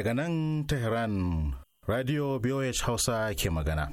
daga nan tehran radio bih hausa ke magana.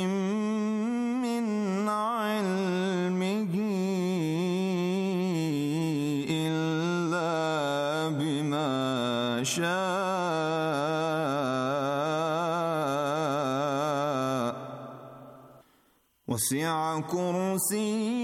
وسع كرسيه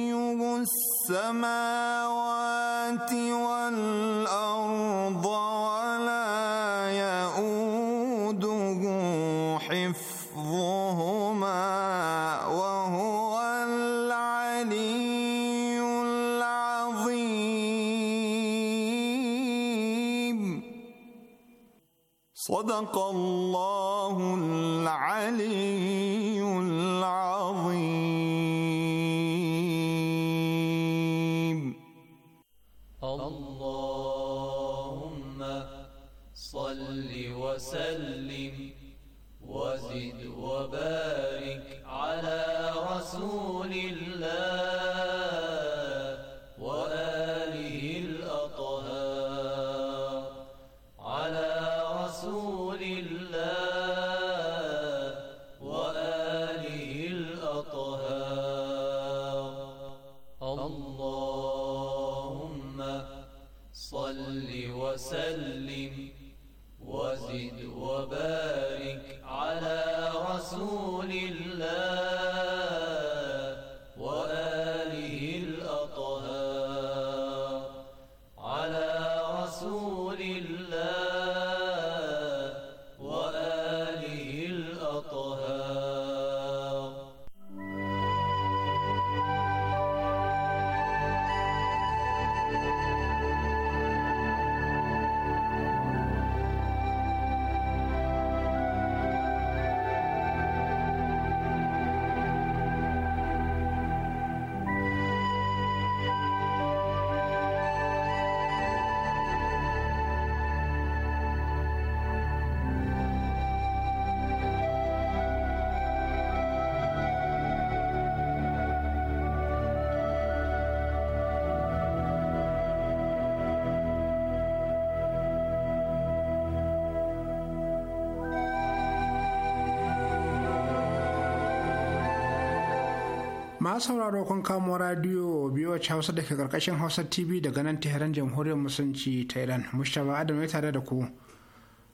masu sauraro kun kamo radio biyu hausa da ke karkashin hausa tv daga nan tehran jamhuriyar musulunci ta iran mustapha adam ya tare da ku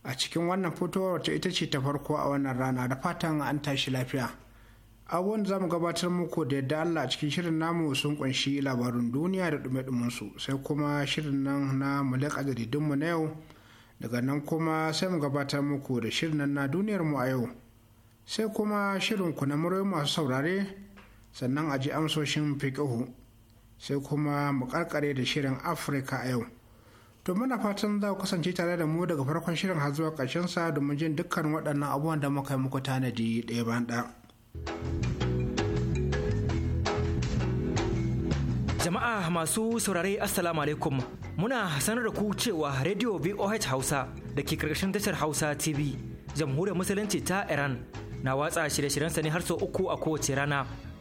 a cikin wannan fitowar ta ita ce ta farko a wannan rana da fatan an tashi lafiya abubuwan za mu gabatar muku da yadda allah a cikin shirin namu sun kunshi labarun duniya da dume su sai kuma shirin nan na mulek mu na yau daga nan kuma sai mu gabatar muku da shirin nan na duniyar mu a yau sai kuma shirin ku na masu saurare sannan a ji amsoshin fiƙihu sai kuma mu karkare da shirin afirka a yau to muna fatan za ku kasance tare da mu daga farkon shirin har zuwa ƙarshen sa domin jin dukkan waɗannan abubuwan da muka yi muku tanadi ɗaya ban ɗa. jama'a masu saurare assalamu alaikum muna sanar da ku cewa radio voh hausa da ke karkashin tashar hausa tv jamhuriyar musulunci ta iran na watsa shirye shiryen ne har sau uku a kowace rana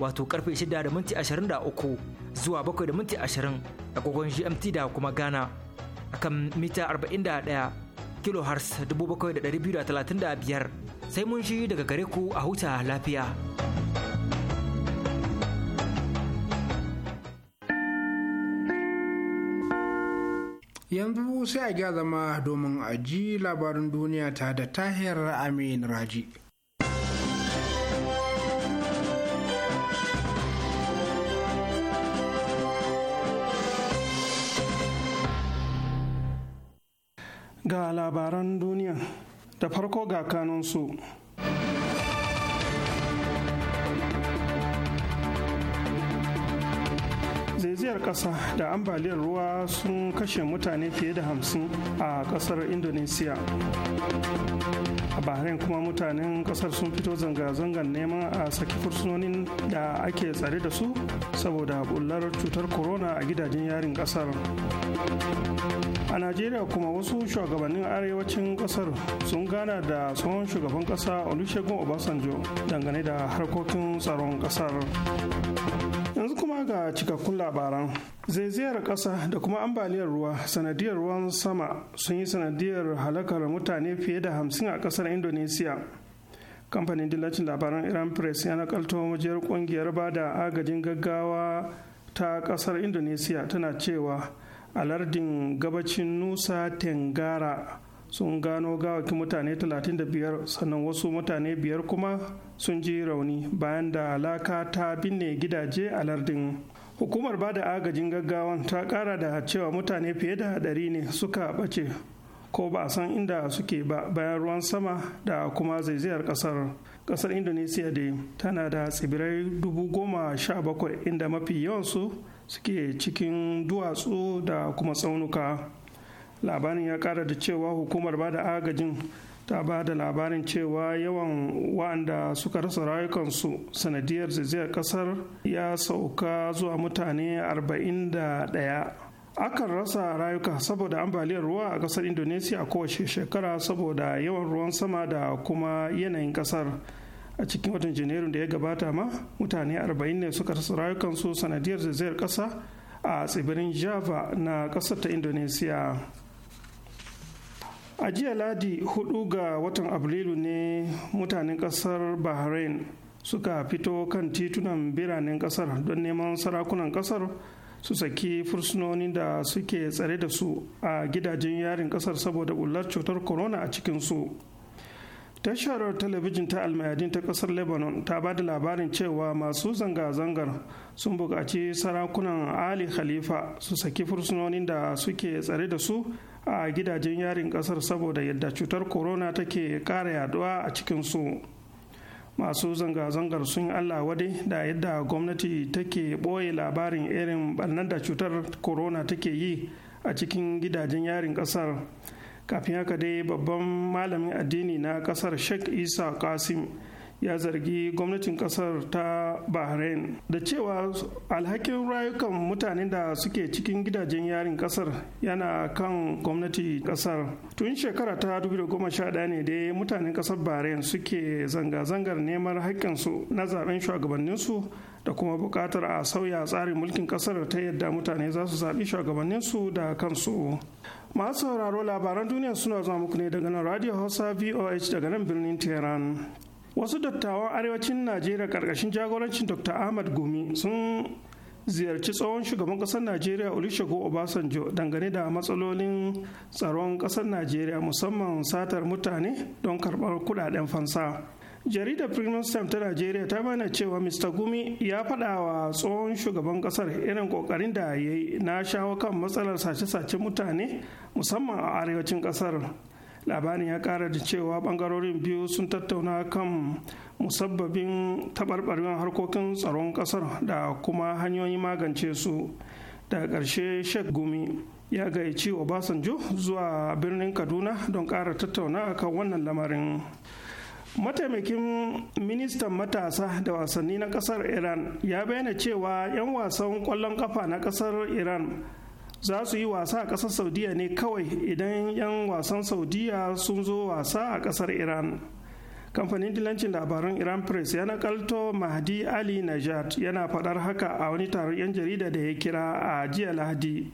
wato karfe 6 da minti 23 zuwa 7:20 da minti 20 agogon GMT da kuma Ghana akan mita 41 kHz 7,235 sai mun shi daga gare ku a huta lafiya. Yanzu sai a gya zama domin aji labarin duniya ta da tahir Amin Raji. ga labaran duniya da farko ga kanunsu. zaiziyar ƙasa da ambaliyar ruwa sun kashe mutane fiye da hamsin a ƙasar indonesia a bahrain kuma mutanen ƙasar sun fito zanga-zangar neman a saki fursunonin da ake tsare da su saboda bullar cutar corona a gidajen yarin ƙasar a najeriya kuma wasu shugabannin arewacin kasar sun gana da tsohon shugaban kasa olusegun obasanjo dangane da harkokin tsaron kasar yanzu kuma ga cikakkun labaran zaizayar ƙasa da kuma ambaliyar ruwa sanadiyar ruwan sama sun yi sanadiyar halakar mutane fiye da hamsin a ƙasar indonesia kamfanin dillacin labaran iran press ya nakalto majiyar ƙungiyar bada agajin gaggawa ta ƙasar indonesia tana cewa a lardin gabacin nusa tengara sun gano gawaki mutane 35 sannan wasu mutane biyar kuma sun ji rauni bayan da alaka ta binne gidaje a lardin hukumar ba da agajin gaggawa ta kara da cewa mutane fiye da haɗari ne suka bace ko ba a san inda suke ba bayan ruwan sama da kuma zaizayar kasar kasar indonesia dai tana da tsibirai 17,000 inda mafi yawansu suke cikin duwatsu da kuma tsaunuka labarin ya kara da cewa hukumar ba da agajin ta ba da labarin cewa yawan waɗanda suka rasa rayukansu sanadiyar zaizayar kasar ya sauka zuwa mutane 41 akan rasa rayuka saboda ambaliyar ruwa a kasar indonesia a kowace shekara saboda yawan ruwan sama da kuma yanayin kasar. a cikin watan janairun da ya gabata ma mutane 40 ne suka rasa rayukansu sanadiyar zaizayar kasa a tsibirin java na kasar ta indonesiya. a jiya ladi 4 ga watan afrilu ne mutanen ƙasar bahrain suka fito kan titunan biranen ƙasar don neman sarakunan ƙasar su saki fursunoni da suke tsare da su a gidajen yarin ƙasar saboda bullar cutar corona a cikinsu. tashar talabijin ta almayadin ta kasar lebanon ta ba da labarin cewa masu zanga-zangar sun buƙaci sarakunan ali khalifa su saki fursunonin da suke tsare da su a gidajen yarin kasar saboda yadda cutar corona take ƙara yaduwa a cikinsu masu zanga-zangar sun yi allah wade da yadda gwamnati take ɓoye labarin irin ɓannan da cutar corona take yi a cikin gidajen yarin ƙasar. kafin haka dai babban malamin addini na kasar sheikh isa kasim ya zargi gwamnatin kasar ta bahrain da cewa alhakin rayukan mutanen da suke cikin gidajen yarin kasar yana kan gwamnati kasar tun shekara ta 2011 ne dai mutanen kasar bahrain suke zanga-zangar neman haƙƙinsu na zaben shugabanninsu da kuma buƙatar a sauya tsarin mulkin kasar ta yadda mutane za su zaɓi shugabanninsu da kansu masu sauraro labaran duniya suna zuwa muku ne daga nan radio hausa voh daga nan birnin tehran wasu dattawan arewacin najeriya karkashin jagorancin dr ahmad gumi sun ziyarci tsohon shugaban kasar najeriya olusegun obasanjo dangane da matsalolin tsaron kasar najeriya musamman satar mutane don karɓar kudaden fansa jaridar Time ta najeriya ta bayyana cewa mr gumi ya faɗa wa tsohon shugaban ƙasar irin ƙoƙarin da ya yi na shawo kan matsalar sace-sace mutane musamman a arewacin ƙasar labarin ya ƙara da cewa ɓangarorin biyu sun tattauna kan musabbabin taɓarɓarewar harkokin tsaron ƙasar da kuma hanyoyin magance su da ƙarshe shek gumi ya gayyaci obasanjo zuwa birnin kaduna don ƙara tattauna kan wannan lamarin mataimakin ministan matasa da wasanni na kasar iran ya bayyana cewa 'yan wasan kwallon kafa na kasar iran za su yi wasa a kasar saudiya ne kawai idan 'yan wasan saudiya sun zo wasa a kasar iran kamfanin dilancin labaran iran press ya nakalto mahdi ali najat yana faɗar haka a wani taron 'yan jarida da ya kira a jiya lahadi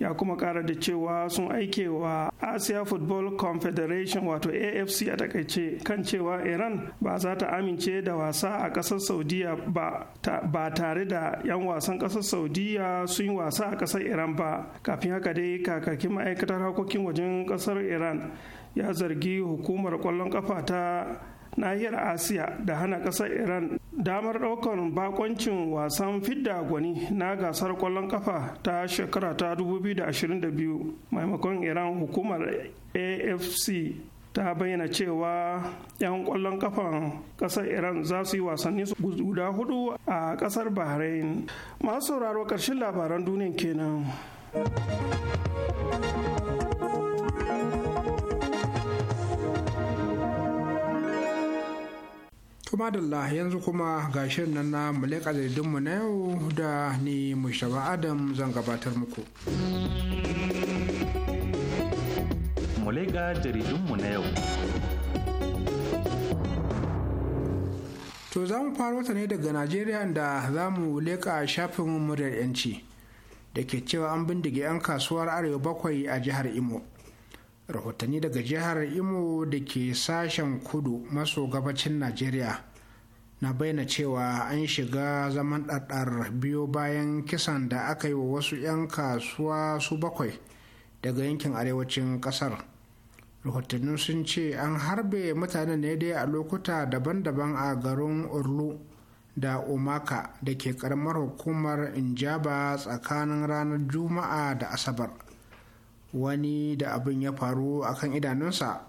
ya kuma kara da cewa sun aike wa asia football confederation wato afc a takaice kan cewa iran ba za ta amince da wasa a kasar saudiya ba tare da 'yan wasan kasar saudiya sun yi wasa a kasar iran ba kafin haka dai kakakin ma'aikatar harkokin wajen kasar iran ya zargi hukumar kwallon kafa ta nahiyar asiya da hana ƙasar iran damar ɗaukar bakoncin wasan fidda gwani na gasar kwallon kafa ta shekara ta 2022 maimakon iran hukumar afc ta bayyana cewa 'yan kwallon kafan ƙasar iran za su yi wasanni guda hudu a ƙasar bahrain masu sauraro ƙarshen labaran duniya kenan. kuma da yanzu kuma ga nan na mulek mu na yau da ni mushaba adam zan gabatar muku muleka jaridunmu na yau to za mu faro ta ne daga najeriya da za mu leƙa shafin muryar yanci da ke cewa an bindige 'yan kasuwar arewa bakwai a jihar imo rahotanni daga jihar imo da ke sashen kudu maso gabacin najeriya na bayyana cewa an shiga zaman ɗaɗar biyo bayan kisan da aka yi wa wasu 'yan kasuwa su bakwai daga yankin arewacin ƙasar rahotannin sun ce an harbe mutane ne dai a lokuta daban-daban a garin urlu da umaka da ke ƙaramar hukumar injaba tsakanin ranar juma'a da asabar wani da abin ya faru a kan idanunsa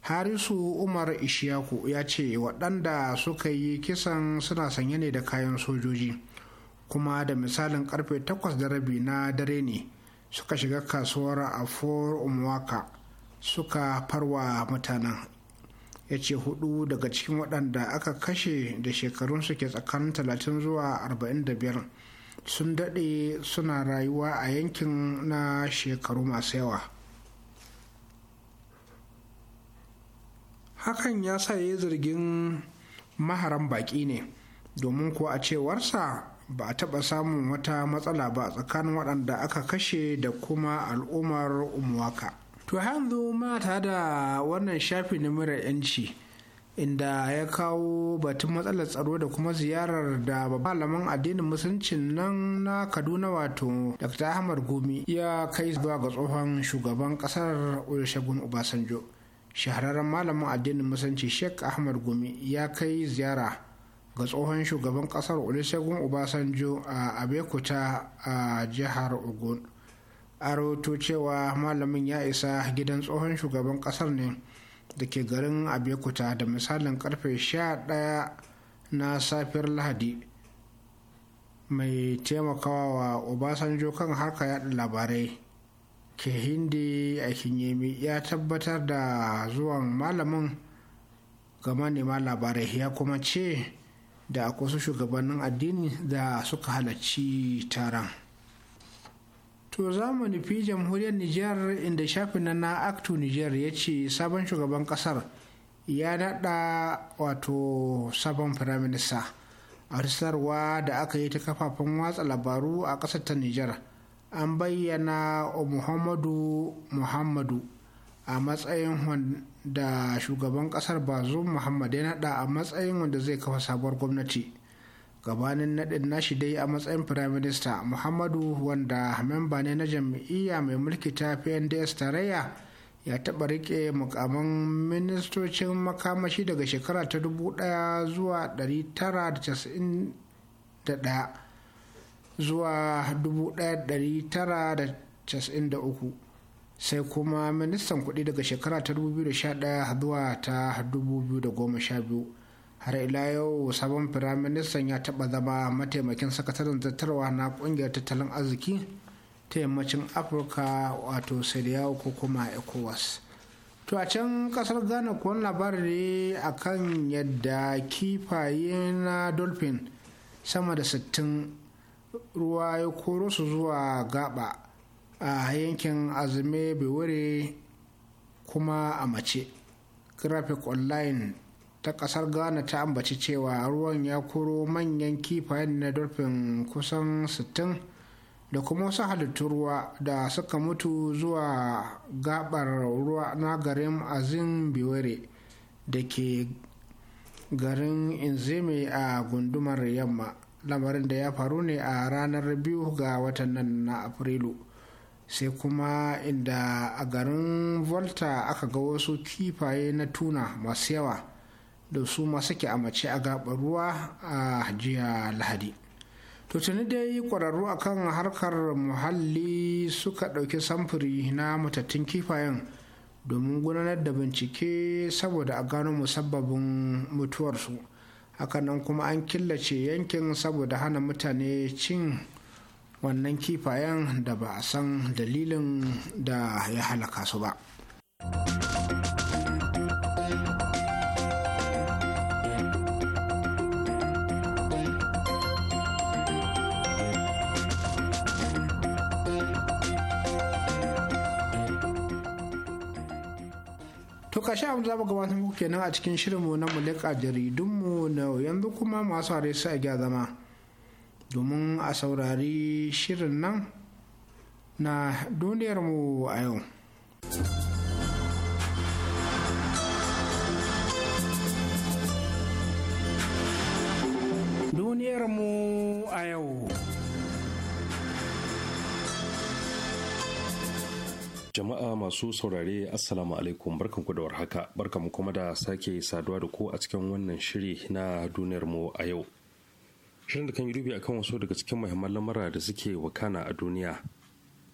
harisu umar ishiyaku ya ce waɗanda suka yi kisan suna sanye ne da kayan sojoji kuma da misalin karfe takwas da rabi na dare ne suka shiga kasuwar afor umwaka suka farwa mutanen ya ce hudu daga cikin waɗanda aka kashe da shekarunsu ke tsakanin 30 zuwa 45 sun daɗe suna rayuwa a yankin na shekaru masu yawa hakan ya sa ya zargin maharan baƙi ne domin kuwa a cewarsa ba a taɓa samun wata matsala ba tsakanin waɗanda aka kashe da kuma al'ummar umuwaka to yanzu mata da wannan shafi na mura 'yanci inda ya kawo batun matsalar tsaro da kuma ziyarar da malaman addinin musuluncin nan na kaduna wato dr ahmad gumi ya kai zuwa ga tsohon shugaban kasar olusegun obasanjo shahararren malamin addinin musulunci sheikh ahmad gumi ya kai ziyara ga tsohon shugaban kasar olusegun obasanjo a abekuta a jihar ogun a cewa malamin ya isa gidan tsohon shugaban kasar ne da ke garin abekuta da misalin karfe 11 na safiyar lahadi mai taimakawa wa obasanjo kan harka yada labarai ke hindi a kinyemi ya tabbatar da zuwan malamin ga manema labarai ya kuma ce da akwai shugabannin addini da suka halarci taron. To za mu nufi jamhuriyar Nijar inda shafin na na Aktu Nijar ya ce sabon shugaban kasar ya naɗa wato sabon firaminista a risarwa da aka yi ta kafafen watsa labaru a ƙasar ta Nijar. An bayyana Muhammadu Muhammadu a matsayin wanda shugaban ƙasar Bazoum Muhammad ya naɗa a matsayin wanda zai kafa sabuwar gwamnati. gabanin nadin nashi dai a matsayin minister muhammadu wanda memba ne na jam'iyya mai mulki ta pnds tarayya ya taɓa riƙe mukamin ministocin makamashi daga shekara ta 1000 zuwa 991 zuwa uku, sai kuma ministan kuɗi daga shekara ta 2011 zuwa ta 2012 har ila yau sabon firaministan ya taɓa zama mataimakin sakataren zartarwa na ƙungiyar tattalin arziki ta yammacin afirka wato sadiyawo ko kuma ecowas to a can kasar ghana kuwa labarin ne kan yadda kifaye na dolphin sama da 60 ruwa ya koro su zuwa gaba a yankin azumi bewure kuma a mace graphic online ta kasar ghana ta ambaci cewa ruwan ya koro manyan kifayen na dolphin kusan 60 da kuma wasu halittu ruwa da suka mutu zuwa gabar ruwa na garin azin biwere da ke garin inzime a gundumar yamma lamarin da ya faru ne a ranar biyu ga watan nan na afrilu sai kuma inda a garin volta aka ga wasu kifaye na tuna masu yawa da su ma suke amace a gaɓar ruwa a jiya lahadi to tuni dai ƙwararru a kan harkar muhalli suka ɗauki samfuri na matattun kifayen domin gudanar da bincike saboda a gano musabbabin mutuwarsu hakanan kuma an killace yankin saboda hana mutane cin wannan kifayen da ba a san dalilin da ya halaka su ba. To kashi abin da za mu gabatar muku kenan a cikin shirin mu na mulika jaridunmu na yanzu kuma masu hare su a zama domin a saurari shirin nan na duniyarmu a yau. Duniyarmu a yau. Jama'a masu saurare Assalamu alaikum barkan ku da warhaka barkan mu kuma da sake saduwa da ku a cikin wannan shiri na duniyar mu a yau. Shirin da kan yi dubi akan wasu daga cikin muhimman lamura da suke wakana a duniya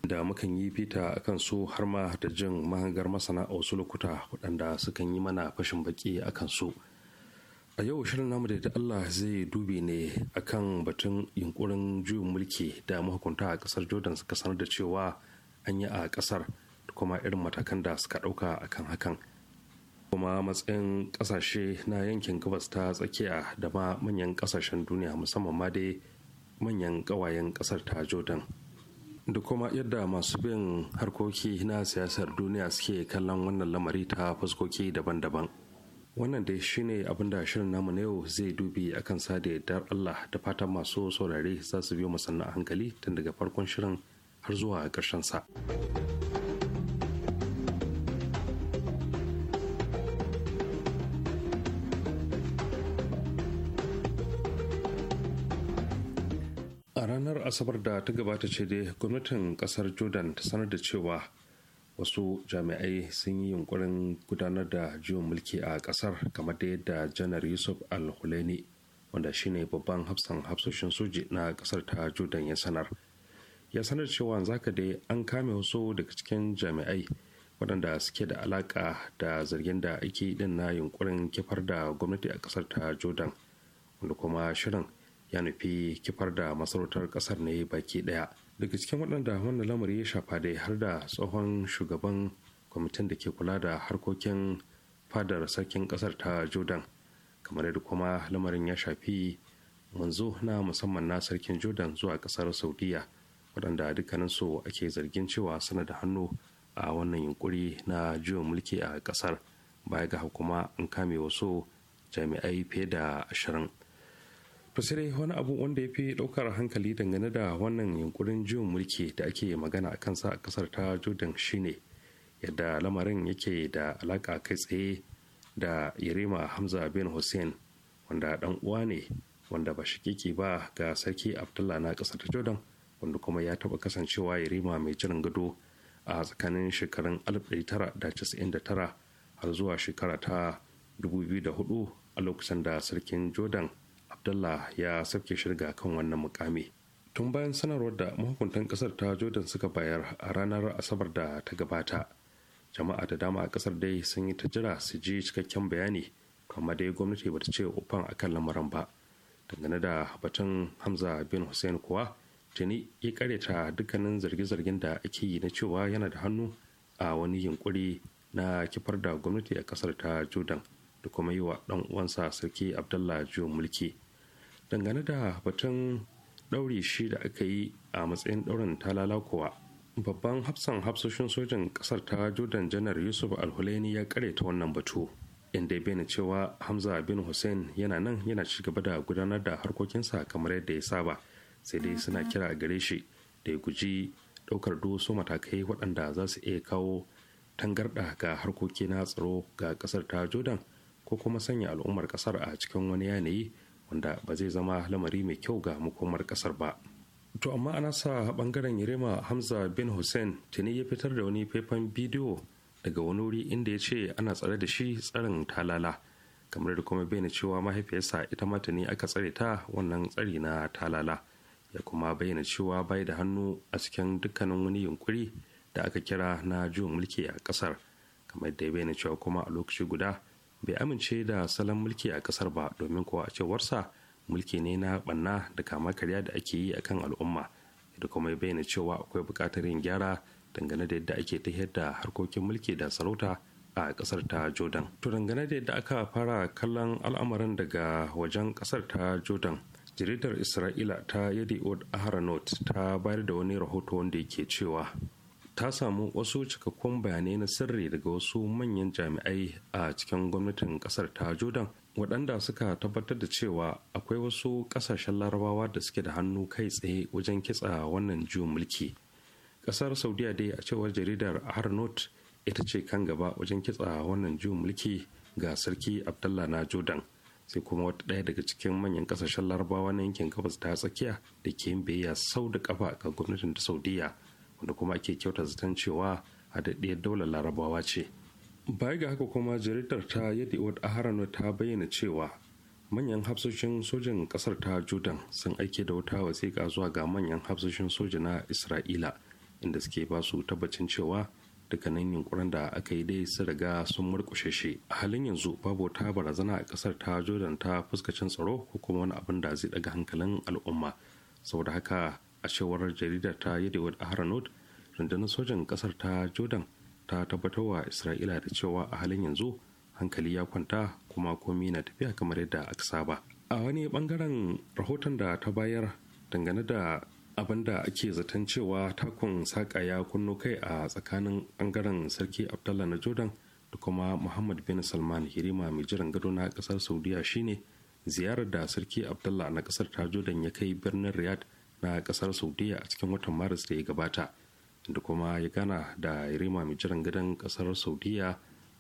da mukan yi fita akan su har ma da jin mahangar masana a wasu lokuta waɗanda sukan yi mana fashin baki akan su. A yau shirin namu da Allah zai dubi ne akan batun yunkurin juyin mulki da mahukunta a ƙasar Jordan suka sanar da cewa an yi a ƙasar. kuma irin matakan da suka ɗauka kan hakan kuma matsayin ƙasashe na yankin gabas ta tsakiya da ma manyan ƙasashen duniya musamman ma dai manyan ƙawayen ƙasar ta jordan da kuma yadda masu bin harkoki na siyasar duniya suke kallon wannan lamari ta fuskoki daban-daban wannan dai shine abin da shirin namu na yau zai dubi akan sa da yardar allah da fatan masu saurare za su biyo sannan hankali tun daga farkon shirin har zuwa ƙarshen sa. asabar da ta gabata ce dai gwamnatin kasar jordan ta sanar da cewa wasu jami'ai sun yi yunkurin gudanar da jiwon mulki a kasar kamar da yadda janar yusuf al-hulaini wanda shine babban hafsan hafsoshin soji na kasar ta jordan ya sanar ya sanar cewa zaka dai an kame wasu daga cikin jami'ai waɗanda suke da alaƙa da zargin da ake din na yunkurin kifar da gwamnati a kasar ta jordan wanda kuma shirin ya nufi kifar da masarautar kasar ne baki daya daga cikin waɗanda wannan lamari ya shafa dai har da tsohon shugaban kwamitin da ke kula da harkokin fadar sarkin kasar ta jordan kamar yadda kuma lamarin ya shafi manzo na musamman na sarkin jordan zuwa kasar saudiya waɗanda dukkaninsu ake zargin cewa suna da hannu a wannan yunkuri na juyin mulki a kasar baya ga kuma an kame wasu jami'ai fiye da ashirin fasirai wani abu wanda ya fi daukar hankali dangane da wannan yunkurin juyin mulki da ake magana a kansa a kasar ta jordan shine yadda lamarin yake da alaka kai tsaye da yarima hamza bin hussein wanda dan uwa ne wanda ba shi ba ga sarki abdullah na ƙasar ta jordan wanda kuma ya taɓa kasancewa yarima mai jiran gado a tsakanin shekarun 1999 har zuwa shekara ta 2004 a lokacin da sarkin jordan abdullah ya sabke shirga kan wannan mukami tun bayan sanarwar da mahukuntan kasar ta jordan suka bayar a ranar asabar da ta gabata jama'a da dama a kasar dai sun yi ta jira su ji cikakken bayani amma dai gwamnati bata ce ufan akan lamarin ba dangane da batun hamza bin hussein kuwa tuni ya karyata dukkanin zarge-zargen da ake yi na cewa yana da hannu a wani yunkuri na kifar da gwamnati a kasar ta jordan da kuma yi wa ɗan uwansa sarki abdullah jiyo mulki dangane da batun ɗaure shi da aka yi a matsayin ɗaurin talala kuwa babban hafsan hafsoshin sojin ƙasar ta jordan janar yusuf alhulaini ya ta wannan batu inda ya bayyana cewa hamza bin hussein yana nan yana ci gaba da gudanar da harkokinsa kamar yadda ya saba sai dai suna kira gare shi da ya guji ɗaukar dusu matakai waɗanda za su iya kawo tangarɗa ga harkoki na tsaro ga ƙasar ta jordan ko kuma sanya al'ummar ƙasar a cikin wani yanayi wanda ba zai zama lamari mai kyau ga makomar kasar ba to amma ana sa bangaren yarima hamza bin hussein tuni ya fitar da wani faifan bidiyo daga wani wuri inda ya ce ana tsare da shi tsarin talala kamar da kuma bayyana cewa mahaifiyarsa ita ma tuni aka tsare ta wannan tsari na talala ya kuma bayyana cewa bai da hannu a cikin dukkanin wani yunkuri da aka kira na juyin mulki a ƙasar kamar da ya bayyana cewa kuma a lokaci guda bai amince da salon mulki a kasar ba domin kuwa a cewarsa mulki ne na banna da kama karya da ake yi akan al'umma da kuma ya bayyana cewa akwai buƙatar yin gyara dangane da yadda ake tafiyar da harkokin mulki da sarauta a kasar ta jordan to dangane da yadda aka fara kallon al'amarin daga wajen kasar ta jordan jaridar isra'ila ta yadi od Not ta bayar da wani rahoto wanda yake cewa ta samu wasu cikakkun bayanai na sirri daga wasu manyan jami'ai a cikin gwamnatin kasar ta jordan waɗanda suka tabbatar da cewa akwai wasu ƙasashen larabawa da suke da hannu kai tsaye wajen kitsa wannan juyin mulki ƙasar saudiya dai a cewar jaridar harnot ita ce kan gaba wajen kitsa wannan juyin mulki ga sarki abdullah na jordan sai kuma wata ɗaya daga cikin manyan ƙasashen larabawa na yankin gabas ta tsakiya da ke yin biyayya sau da ƙafa ga gwamnatin ta saudiya wanda kuma ake kyauta zaton cewa haɗaɗɗiyar daular larabawa ce baya ga haka kuma jaridar ta yadda wata aharano ta bayyana cewa manyan hafsoshin sojin ƙasar ta jordan sun aike da wata wasiƙa zuwa ga manyan hafsoshin soja na isra'ila inda suke ba su tabbacin cewa daga nan yunkurin da aka yi dai su riga sun murkushe shi a halin yanzu babu ta barazana a ƙasar ta jordan ta fuskacin tsaro ko kuma wani abin da zai daga hankalin al'umma saboda haka a cewar jarida ta yadewa aharanot rundunar sojan kasar ta jordan ta tabbatar wa isra'ila da cewa a halin yanzu hankali ya kwanta kuma komi na tafiya kamar yadda aka saba a wani bangaren rahoton da ta bayar dangane da abin da ake zaton cewa takun saƙa ya kunno kai a tsakanin bangaren sarki abdallah na jordan da kuma muhammad bin salman hirima mai jiran gado na kasar saudiya shine ziyarar da sarki abdallah na kasar ta jordan ya kai birnin riyadh na kasar saudiya a cikin watan maris da ya gabata da kuma ya gana da yarima mai jiran gidan kasar saudiya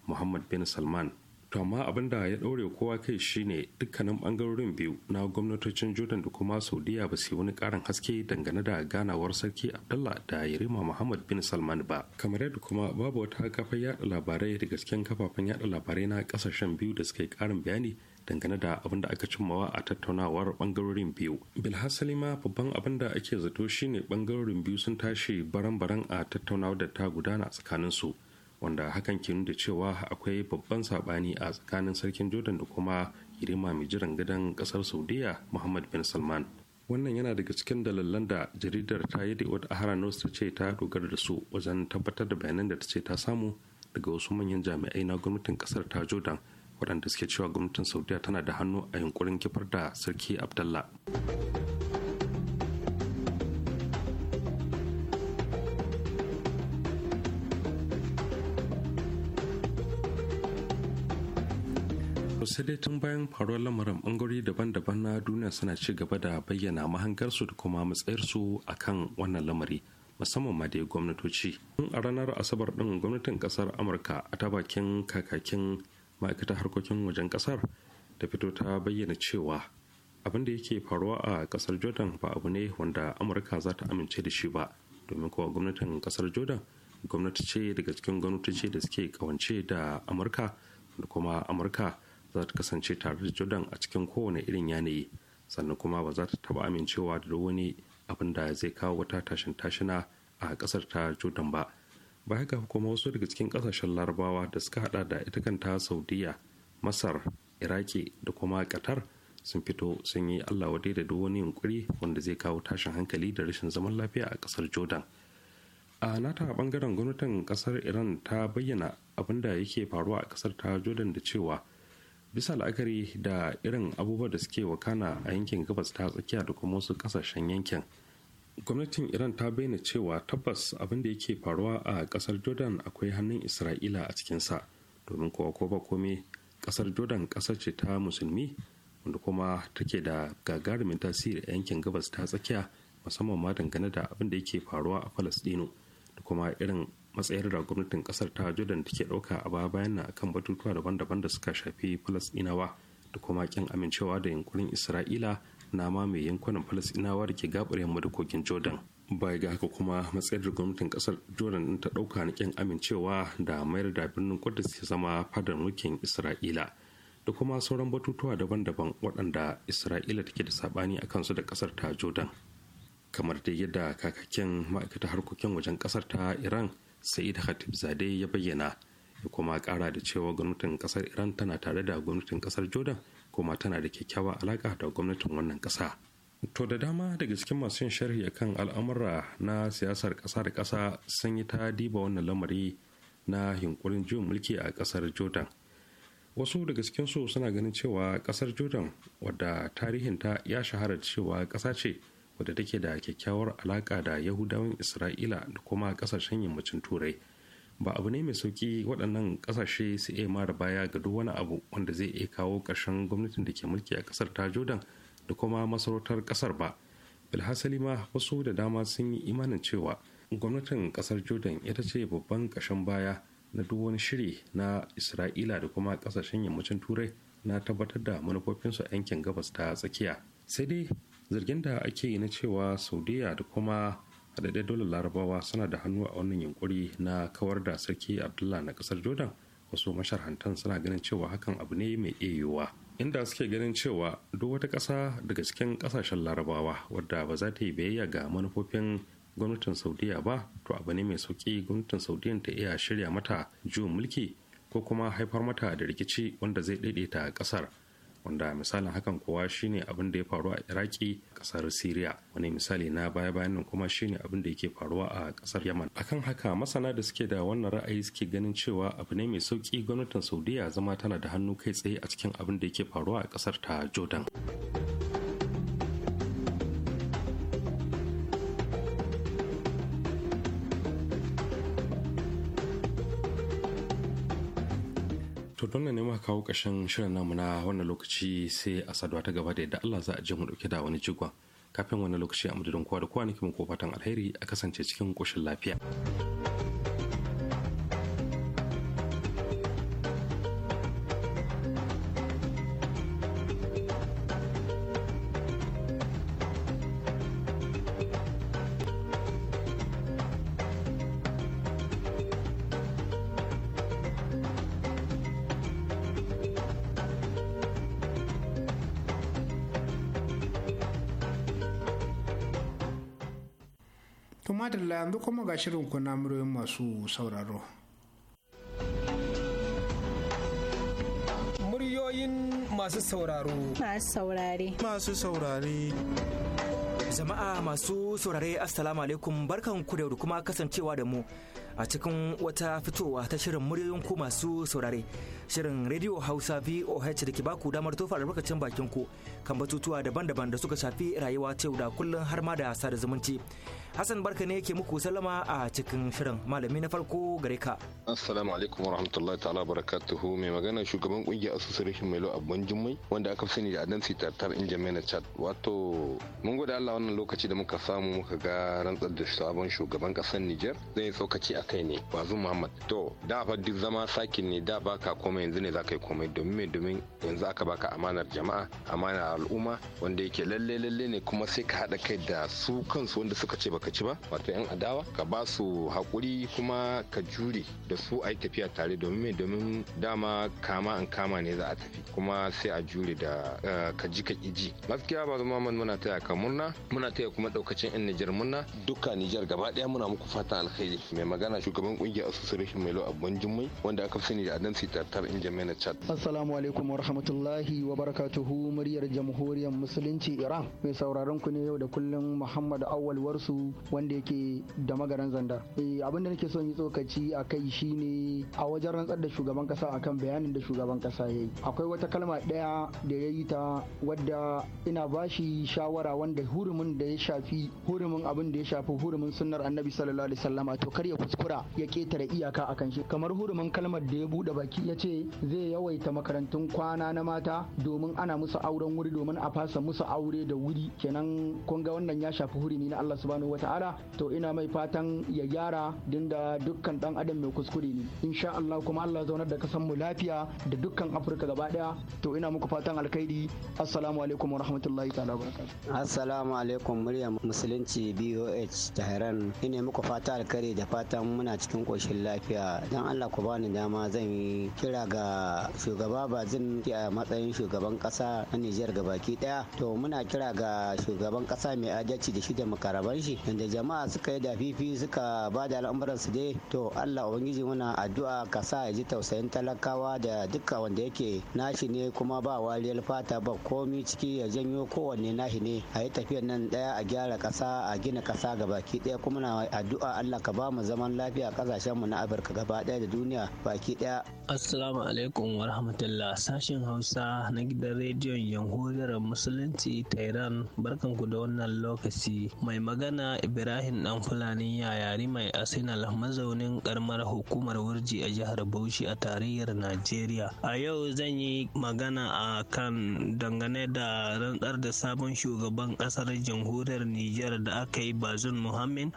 muhammad bin salman to amma abin da ya ɗaure kowa kai shine dukkanin bangarorin biyu na gwamnatocin jordan da kuma saudiya ba su wani karin haske dangane da ganawar sarki abdullah da yarima muhammad bin salman ba kamar yadda kuma babu wata kafar yada labarai da gasken kafafen yada labarai na ƙasashen biyu da suka yi ƙarin bayani dangane da abin da aka cimmawa a tattaunawar bangarorin biyu bilhassali ma babban abin da ake zato shine bangarorin biyu sun tashi baran-baran a tattaunawar da ta gudana tsakanin su wanda hakan ke nuna cewa akwai babban sabani a tsakanin sarkin jordan da kuma girma mai jiran gidan kasar saudiya muhammad bin salman wannan yana daga cikin dalilan da jaridar ta yi da wata ahara ta ce ta dogara da su wajen tabbatar da bayanan da ta ce ta samu daga wasu manyan jami'ai na gwamnatin kasar ta jordan waɗanda suke cewa gwamnatin saudiya tana da hannu a yunkurin kifar da sarki abdallah sai dai tun bayan faruwar lamarin bangare daban-daban na duniya suna ci gaba da bayyana mahangarsu da kuma matsayarsu a kan wannan lamari musamman ma dai gwamnatoci tun a ranar asabar din gwamnatin kasar amurka a ta bakin kakakin ma'aikatar harkokin wajen kasar ta fito ta bayyana cewa abin da yake faruwa a kasar jordan ba abu ne wanda amurka za ta amince da shi ba domin kuwa gwamnatin kasar jordan gwamnati ce daga cikin ce da suke kawance da amurka da kuma amurka za ta kasance tare da jordan a cikin kowane irin yanayi sannan kuma ba za ta taba amincewa da wani abin da zai kawo wata tashin tashina a kasar ta jordan ba baya ga kuma wasu daga cikin kasashen larabawa da suka hada da ita kanta saudiya masar iraki da kuma qatar sun fito sun yi allah wadai da duk wani yunkuri wanda zai kawo tashin hankali da rashin zaman lafiya a kasar jordan a nata bangaren gwamnatin kasar iran ta bayyana abin da yake faruwa a kasar ta jordan da cewa bisa la'akari da irin abubuwa da suke wakana a yankin gabas ta tsakiya da kuma wasu kasashen yankin gwamnatin iran ta bayyana cewa tabbas abin da yake faruwa a kasar jordan akwai hannun isra'ila a cikinsa domin kowa ko ba kome kasar jordan kasar ce ta musulmi wanda kuma take da gagarumin tasiri a yankin gabas ta tsakiya musamman ma dangane da abin da yake faruwa a falastino da kuma irin matsayar da gwamnatin kasar ta jordan take dauka a baya bayan nan akan batutuwa daban-daban da suka shafi falastinawa da kuma kin amincewa da yunkurin isra'ila na mai yankunan falasinawa da ke gabar yamma da kogin jordan baya ga haka kuma matsayar da gwamnatin kasar jordan ta ɗauka na kyan amincewa da mayar da birnin kudus ya zama fadar mulkin isra'ila da kuma sauran batutuwa daban-daban waɗanda isra'ila take da saɓani a kansu da ƙasar ta jordan kamar da yadda kakakin ma'aikata harkokin wajen ƙasar ta iran sa'id hatib zade ya bayyana ya kuma kara da cewa gwamnatin ƙasar iran tana tare da gwamnatin ƙasar jordan kuma tana da kyakkyawa alaƙa da gwamnatin wannan ƙasa to da dama da gaske masu yin sharhi kan al'amura na siyasar ƙasa da ƙasa sun yi ta diba wannan lamari na yunkurin juyin mulki a ƙasar jordan wasu daga cikin su suna ganin cewa ƙasar jordan wadda tarihinta ya shahara cewa ƙasa ce wadda take da kyakkyawar alaƙa da yahudawan isra'ila da kuma ƙasashen yammacin turai ba abu ne mai sauki waɗannan ƙasashe su iya mara baya ga duk wani abu wanda zai iya kawo ƙarshen gwamnatin da ke mulki a ƙasar ta jordan da kuma masarautar ƙasar ba bilhassali ma wasu da dama sun yi imanin cewa gwamnatin ƙasar jordan ita ce babban ƙashin baya na duk wani shiri na isra'ila da kuma ƙasashen yammacin turai na tabbatar da manufofinsu a yankin gabas ta tsakiya sai dai zargin da ake yi na cewa saudiya da kuma dai dole larabawa suna da hannu a wannan yunkuri na kawar da sarki abdullah na kasar jordan wasu masharhantan suna ganin cewa hakan abu ne mai iya inda suke ganin cewa duk wata ƙasa daga cikin ƙasashen larabawa wadda ba za ta yi biyayya ga manufofin gwamnatin saudiya ba to abu ne mai sauƙi gwamnatin Saudiyya ta iya shirya mata juyin mulki ko kuma haifar mata da rikici wanda zai daidaita ƙasar wanda misalin hakan kuwa shine abin da ya faru a iraki kasar syria wani misali na baya bayan nan kuma shine abin da yake faruwa a kasar yaman akan haka masana da suke da wannan ra'ayi suke ganin cewa abu ne mai sauki gwamnatin saudiya zama tana da hannu kai tsaye a cikin abin da yake faruwa a kasar ta jordan kuma kawo ƙashin shirin namu na wannan lokaci sai a saduwa ta gaba da yadda Allah za a je mu dauke da wani jigon kafin wannan lokaci a madadin kowa da kowa nake muku fatan alheri a kasance cikin ƙoshin lafiya. tumatir la yanzu kuma ga shirin kuna muryoyin masu sauraro. Muryoyin masu sauraro. Masu saurare. Masu saurare. Jama'a masu saurare Assalamu alaikum barkan ku da kuma kasancewa da mu a cikin wata fitowa ta shirin muryoyin ku masu saurare shirin Radio Hausa VOH da ke baku damar tofa albarkacin bakin ku kan batutuwa daban-daban da suka shafi rayuwa ta yau da kullum har ma da sada zumunci. Hassan barka ne yake muku salama a cikin shirin malami na farko gare ka. Assalamu alaikum warahmatullahi ta'ala barakatuhu mai magana shugaban kungiyar association Melo Abban Jummai wanda aka fi sani da Adan Sitartar Injamena Chad. Wato mun gode Allah wannan lokaci da muka samu muka ga rantsar da sabon shugaban kasar Niger zai tsokaci a kai ne Bazum Muhammad. To da fa duk zama sakin ne da baka komai yanzu ne zaka yi komai domin me domin yanzu aka baka amanar jama'a amanar al'umma wanda yake lalle lalle ne kuma sai ka hada kai da su kansu wanda suka ce ba lokaci ci ba wato yan adawa ka ba su hakuri kuma ka jure da su a tafiya tare domin mai domin dama kama an kama ne za a tafi kuma sai a jure da eh, ka ji ka ji gaskiya ba zama man muna taya ka murna muna taya kuma daukacin yan Nijar murna duka Nijar gaba daya muna muku fatan alkhairi mai magana shugaban kungiyar association Melo Abban Jummai wanda aka fi sani da Adam Sitartar na Chad Assalamu alaikum wa rahmatullahi wa barakatuhu muryar jamhuriyar musulunci Iran mai sauraron ku ne yau da kullum Muhammad Awal Warsu wanda yake da magaran zandar eh, abin da nake son yi tsokaci a kai shi ne a wajen rantsar da shugaban kasa akan bayanin da shugaban kasa ya yi akwai wata kalma ɗaya da ya yi ta wadda ina bashi shawara wanda hurumin da ya shafi hurumin abin da ya shafi hurumin sunnar annabi sallallahu alaihi wasallama to kar ya kuskura ya ketare iyaka akan shi kamar hurumin kalmar da ya bude baki ya ce zai yawaita makarantun kwana na mata domin ana musu auren wuri domin a fasa musu aure da wuri kenan kun ga wannan ya shafi hurumi na Allah subhanahu ta'ala to ina mai fatan ya gyara dinda dukkan dan adam mai kuskure ne insha Allah kuma Allah zaunar da kasan mu lafiya da dukkan Afirka gaba daya to ina muku fatan alkhairi assalamu alaikum wa rahmatullahi ta'ala barakatuh assalamu alaikum murya musulunci BOH Tehran ina muku fata alkhairi da fatan muna cikin koshin lafiya dan Allah ku bani dama zan yi kira ga shugaba Bazin a matsayin shugaban kasa na Nijar gabaki daya to muna kira ga shugaban kasa mai adalci da shi da makaraban shi da jama'a suka yi dafifi suka ba da al'amuran su dai to Allah ubangiji muna addu'a ka sa ya ji tausayin talakawa da duka wanda yake nashi ne kuma ba wariyar fata ba komi ciki ya janyo kowanne nashi ne a yi tafiyar nan daya a gyara kasa a gina kasa ga baki daya kuma na addu'a Allah ka ba mu zaman lafiya kasashen mu na Afirka gaba daya da duniya baki daya Assalamu alaikum wa rahmatullah sashen Hausa na gidan rediyon Jamhuriyar Musulunci ta Iran barkanku da wannan lokaci mai magana Ibrahim dan Fulani yayari mai Arsenal mazaunin karamar hukumar Wurji a jihar Bauchi a tarayyar Najeriya. A yau zan yi magana a kan dangane da rantsar da sabon shugaban ƙasar jamhuriyar Nijar da aka yi Bazoum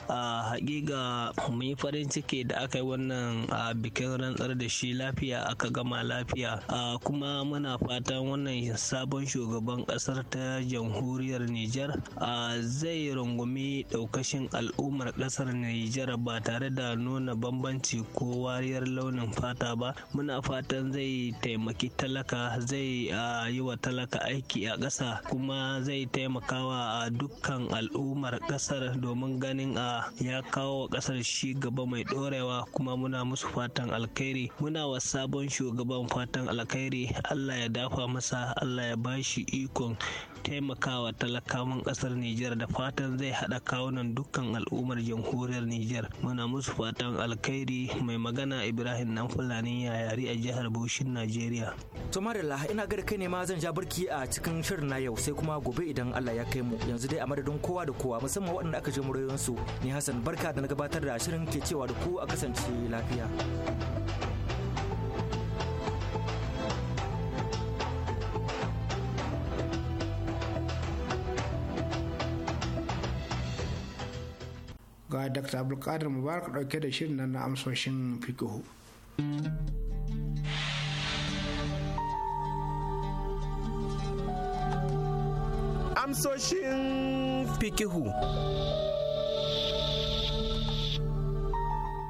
A hakika mun farin ciki da aka yi wannan a bikin rantsar da shi lafiya aka gama lafiya. A kuma muna fatan wannan sabon shugaban ƙasar ta jamhuriyar Nijar a zai rungumi ɗaukar kashin al'ummar ƙasar Nijar ba tare da nuna bambanci ko wariyar launin fata ba muna fatan zai taimaki talaka zai yi wa talaka aiki a ƙasa kuma zai taimakawa a dukkan al'ummar ƙasar domin ganin a ya kawo wa ƙasar shi gaba mai ɗorewa kuma muna musu fatan alkhairi muna wa sabon shugaban fatan alkhairi Allah ya dafa masa Allah ya bashi ikon taimakawa talakawan kasar Nijar da fatan zai haɗa kawunan dukkan al'ummar jamhuriyar Nijar. Muna musu fatan alkhairi mai magana Ibrahim nan Fulani yayari a jihar Bushin Najeriya. To Allah ina ga kai ne ma zan ja barki a cikin shirin na yau sai kuma gobe idan Allah ya kai mu yanzu dai a madadin kowa da kowa musamman waɗanda aka je murayoyinsu ni Hassan barka da na gabatar da shirin ke cewa da ku a kasance lafiya. ga dr abdulkadir mubarak dauke da shirin nan na amsoshin fikihu amsoshin fikihu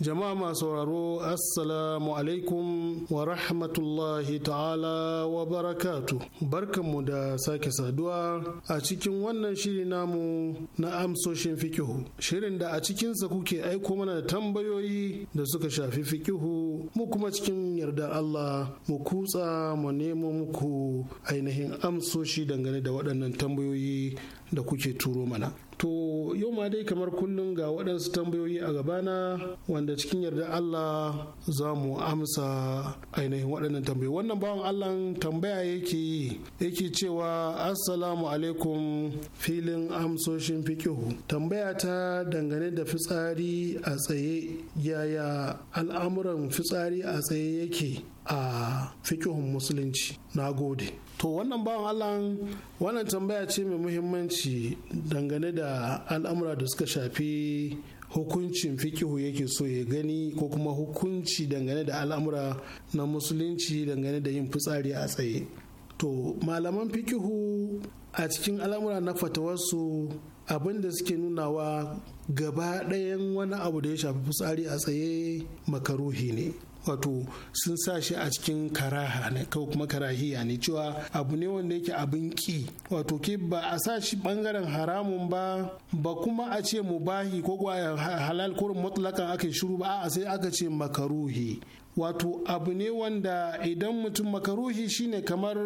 jama'a masu sauraro assalamu alaikum wa rahmatullahi ta'ala wa barakatu barkanmu da sake saduwa a cikin wannan shiri namu na amsoshin fikihu shirin da a cikinsa kuke aiko mana da tambayoyi da suka shafi fikihu mu kuma cikin yarda Allah mu kutsa mu nemo muku ainihin amsoshi dangane da waɗannan tambayoyi da kuke turo mana To yau ma dai kamar kullum ga waɗansu tambayoyi a gabana wanda cikin yarda Allah za mu amsa ainihin waɗannan tambayoyi. Wannan bawan Allah tambaya yake yi yake cewa Assalamu alaikum filin amsoshin fikihu. Tambaya ta dangane da fitsari a tsaye yaya al'amuran fitsari a tsaye yake a fikihun musulunci na gode to wannan bawan allah wannan tambaya ce mai muhimmanci dangane da al'amura da suka shafi hukuncin fikihu yake so ya gani ko kuma hukunci dangane da al'amura na musulunci dangane da yin fitsari a tsaye to malaman fikihu a cikin al'amura na fatawarsu abin da suke nunawa gaba ɗayan wani abu da ya shafi fitsari a tsaye makaruhi ne wato sun sa shi a cikin karaha ne ko kuma karahiya ne cewa abu ne wanda yake abin ki wato ke ba a sa shi bangaren haramun ba ba kuma a ce mubahi ko halal ko mutlakan aka shiru ba a sai aka ce makaruhi wato abu ne wanda idan mutum makaruhi shine kamar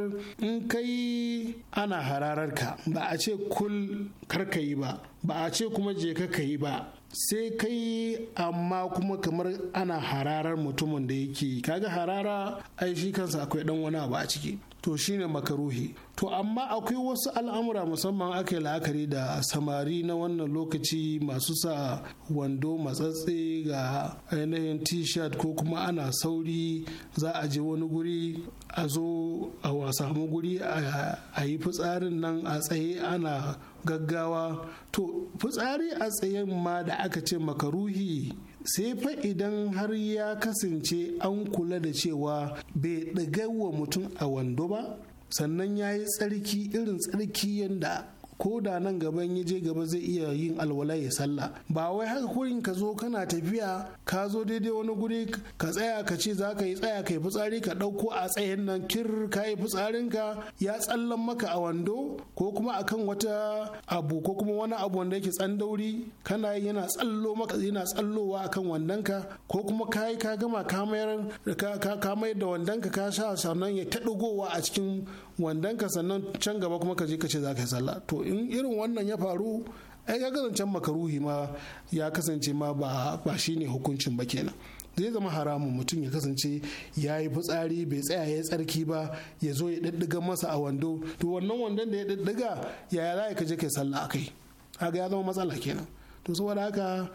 in kai ana harararka ba a ce kul karka yi ba ba a ce kuma je ka yi ba sai kai amma kuma kamar ana hararar mutumin da yake kaga harara ai shi kansa akwai dan wani abu a ciki to shine makaruhi to amma akwai wasu al'amura musamman aka yi la'akari da samari na wannan lokaci masu sa wando matsatse ga ainihin t-shirt ko kuma ana sauri za a je wani guri a zo a samu guri a yi fitsarin nan a tsaye ana gaggawa to fitsari a tsayen ma da aka ce makaruhi sai fa idan har ya kasance an kula da cewa bai wa mutum a wando ba sannan ya yi tsarki irin tsarki yadda ko da nan gaban ya je gaba zai iya yin alwala ya sallah ba wai haka kurin ka zo kana tafiya ka zo daidai wani guri ka tsaya ka ce za ka yi tsaya ka yi fitsari ka ɗauko a tsayin nan kir ka yi fitsarinka ya tsallan maka a wando ko kuma akan wata abu ko kuma wani abu wanda yake tsandauri kana yi yana tsallo maka yana tsallowa akan wandonka ko kuma ka yi ka gama ka mayar da wandonka ka sha sannan ya ta ɗigowa a cikin wandonka sannan can gaba kuma ka je ka ce za ka yi sallah to in irin wannan ya faru ai ya kasance makaruhi ma ya kasance ma ba ba shine hukuncin ba kenan zai zama haramun mutum ya kasance ya yi fitsari bai tsaya ya tsarki ba ya zo ya daddiga masa a wando to wannan wandon da ya daddiga yaya za ka je kai sallah akai kaga ya zama matsala kenan to saboda haka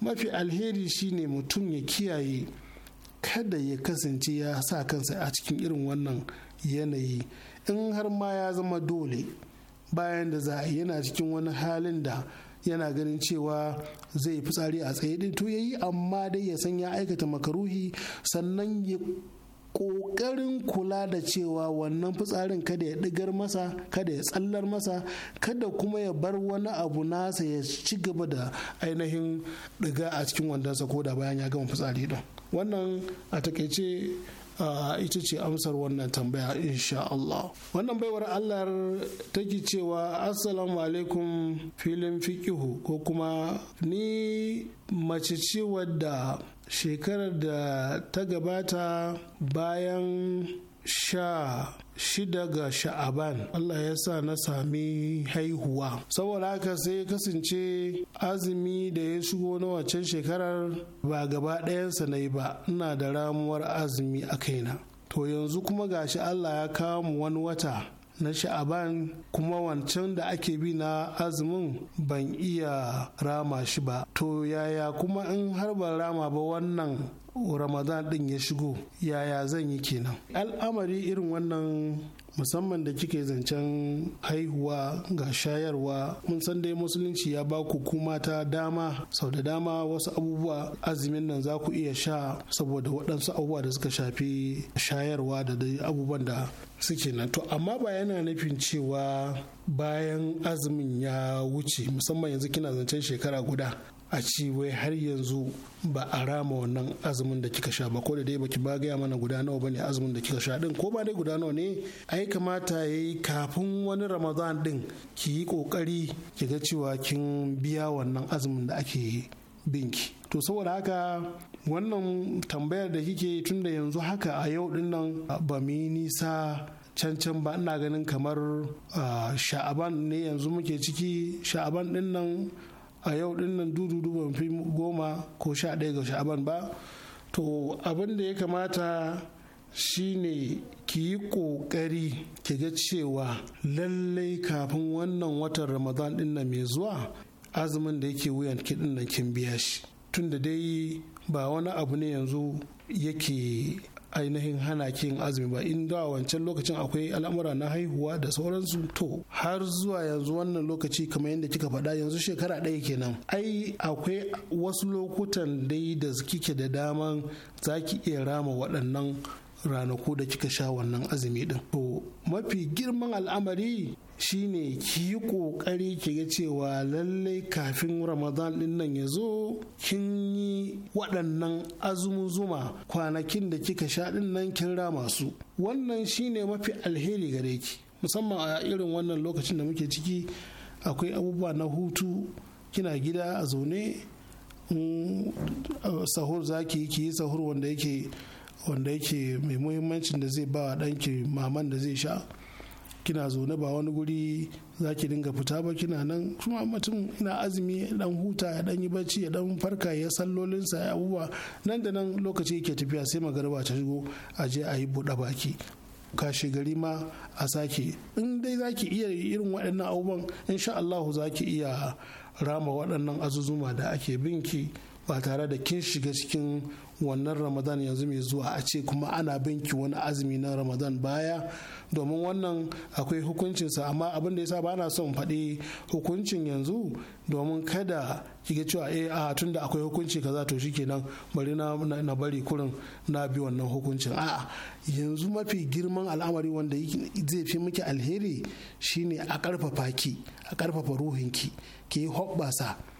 mafi alheri shine mutum ya kiyaye kada ya kasance ya sa kansa a cikin irin wannan yanayi in har ma ya zama dole bayan da za yana cikin wani halin da yana ganin cewa zai fitsari a tsaye din to yayi amma dai ya san ya aikata makaruhi sannan ya ƙoƙarin kula da cewa wannan fitsarin kada ya ɗigar masa kada ya tsallar masa kada kuma ya bar wani abu nasa ya ci gaba da ainihin ɗiga a cikin wandonsa ko da bayan ya gama fitsari don. wannan a takaice Ah, ita ce amsar wannan tambaya insha Allah. Wannan baiwar Allah take cewa Assalamu alaikum filin fikihu ko kuma ni mace ce wadda shekarar da ta gabata bayan sha shida ga sha'aban Allah ya sa na sami haihuwa saboda haka sai ya kasance azumi da ya shigo na waccan shekarar ba gaba ɗayansa na yi ba ina da ramuwar azumi a kaina to yanzu kuma gashi Allah ya kawo mu wani wata na sha'aban kuma wancan da ake bi na azumin ban iya rama shi ba to yaya kuma in har ban rama ba wannan ramadan din ya shigo yaya zan yi kenan al'amari irin wannan musamman da kike zancen haihuwa ga shayarwa mun san dai musulunci ya ba ku kuma ta dama sau da dama wasu abubuwa azumin nan za ku iya sha saboda waɗansu abubuwa da suka shafi shayarwa da dai abubuwan da suke nan to amma ba yana nufin cewa bayan azumin ya wuce musamman yanzu kina zancen shekara guda a ci wai har yanzu ba a rama wannan azumin da kika sha ba ko da dai baki ba gaya mana guda nawa bane azumin da kika sha din ko ba dai guda nawa ne ai kamata yayi kafin wani ramadan din ki yi kokari ki ga cewa kin biya wannan azumin da ake binki to saboda haka wannan tambayar da kike tunda yanzu haka a yau din nan ba mu nisa can can ba ina ganin kamar sha'aban ne yanzu muke ciki sha'aban din nan a yau din nan dudu ban fi goma ko sha ɗaya ga sha'aban ba to abin da ya kamata shine ki yi ƙoƙari ki ga cewa lallai kafin wannan watan ramadan din nan mai zuwa azumin da yake wuyan ki din nan kin biya shi tunda dai ba wani abu ne yanzu yake ainihin hana kin azumi ba in da wancan lokacin akwai al'amura na haihuwa da sauransu to har zuwa yanzu wannan lokaci kamar yadda kika faɗa yanzu shekara ɗaya kenan ai akwai wasu lokutan dai da kike da daman zaki iya rama waɗannan ranaku da kika sha wannan azumi din to mafi girman al'amari shine ki yi kokari ki ga cewa lallai kafin ramadan din nan ya zo kin yi waɗannan zuma kwanakin da kika sha din nan kin rama su wannan shine mafi alheri gare ki musamman a irin wannan lokacin da muke ciki akwai abubuwa na hutu kina gida a zaune uh, sahur zaki ki yi sahur wanda yake wanda yake mai muhimmancin da zai bawa wa ɗanki maman da zai sha kina zaune ba wani guri za ki dinga fita ba kina nan kuma mutum ina azumi dan huta ya dan yi bacci ya dan farka ya sallolinsa ya abubuwa nan da nan lokaci yake tafiya sai magariba ta shigo a je a yi buɗe baki kashe gari ma a sake in dai za ki iya irin waɗannan abubuwan insha Allahu za ki iya rama waɗannan azuzuma da ake binki ba tare da kin shiga cikin wannan ramadan yanzu mai zuwa a ce kuma ana binki wani azumi na ramadan baya domin wannan akwai hukuncinsa amma abin da ya sa ba na son faɗi hukuncin yanzu domin kada ki ga cewa eh, a a tunda akwai hukunci ka za to shi shikenan bari na bari kurin na bi wannan hukuncin a'a yanzu mafi girman al'amari wanda zai fi miki alheri shine a karfafa ki a karfafa ruhinki ki yi hoɓɓasa